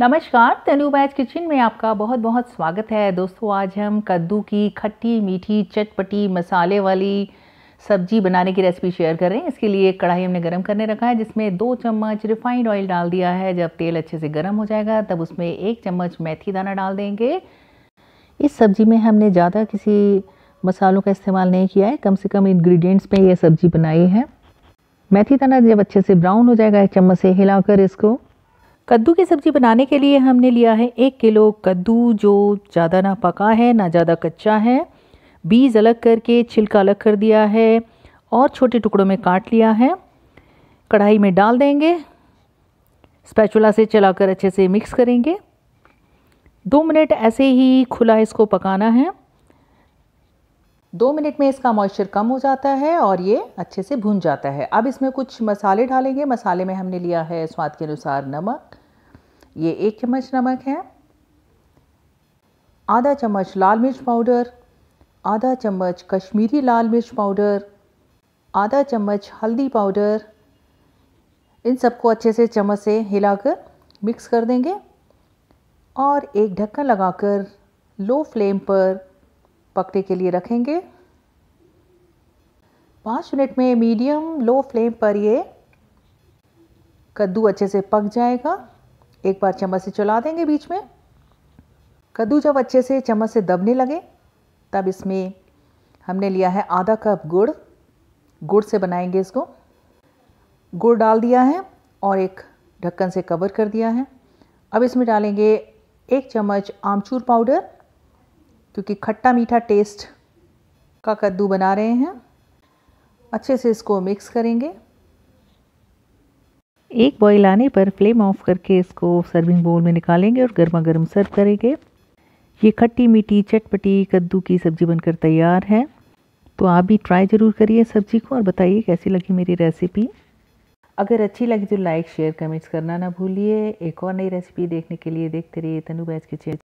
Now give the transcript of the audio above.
नमस्कार तेनू मैच किचन में आपका बहुत बहुत स्वागत है दोस्तों आज हम कद्दू की खट्टी मीठी चटपटी मसाले वाली सब्जी बनाने की रेसिपी शेयर कर रहे हैं इसके लिए एक कढ़ाई हमने गर्म करने रखा है जिसमें दो चम्मच रिफाइंड ऑयल डाल दिया है जब तेल अच्छे से गर्म हो जाएगा तब उसमें एक चम्मच मेथी दाना डाल देंगे इस सब्जी में हमने ज़्यादा किसी मसालों का इस्तेमाल नहीं किया है कम से कम इन्ग्रीडियंट्स में यह सब्ज़ी बनाई है मेथी दाना जब अच्छे से ब्राउन हो जाएगा एक चम्मच से हिलाकर इसको कद्दू की सब्ज़ी बनाने के लिए हमने लिया है एक किलो कद्दू जो ज़्यादा ना पका है ना ज़्यादा कच्चा है बीज अलग करके छिलका अलग कर दिया है और छोटे टुकड़ों में काट लिया है कढ़ाई में डाल देंगे स्पैचुला से चलाकर अच्छे से मिक्स करेंगे दो मिनट ऐसे ही खुला इसको पकाना है दो मिनट में इसका मॉइस्चर कम हो जाता है और ये अच्छे से भुन जाता है अब इसमें कुछ मसाले डालेंगे मसाले में हमने लिया है स्वाद के अनुसार नमक ये एक चम्मच नमक है आधा चम्मच लाल मिर्च पाउडर आधा चम्मच कश्मीरी लाल मिर्च पाउडर आधा चम्मच हल्दी पाउडर इन सबको अच्छे से चम्मच से हिलाकर मिक्स कर देंगे और एक ढक्कन लगाकर लो फ्लेम पर पकने के लिए रखेंगे पाँच मिनट में मीडियम लो फ्लेम पर ये कद्दू अच्छे से पक जाएगा एक बार चम्मच से चला देंगे बीच में कद्दू जब अच्छे से चम्मच से दबने लगे तब इसमें हमने लिया है आधा कप गुड़ गुड़ से बनाएंगे इसको गुड़ डाल दिया है और एक ढक्कन से कवर कर दिया है अब इसमें डालेंगे एक चम्मच आमचूर पाउडर क्योंकि खट्टा मीठा टेस्ट का कद्दू बना रहे हैं अच्छे से इसको मिक्स करेंगे एक बॉईल आने पर फ्लेम ऑफ करके इसको सर्विंग बोल में निकालेंगे और गर्मा गर्म सर्व करेंगे ये खट्टी मीठी चटपटी कद्दू की सब्ज़ी बनकर तैयार है तो आप भी ट्राई ज़रूर करिए सब्ज़ी को और बताइए कैसी लगी मेरी रेसिपी अगर अच्छी लगी तो लाइक शेयर कमेंट्स करना ना भूलिए एक और नई रेसिपी देखने के लिए देखते रहिए तनु बैच के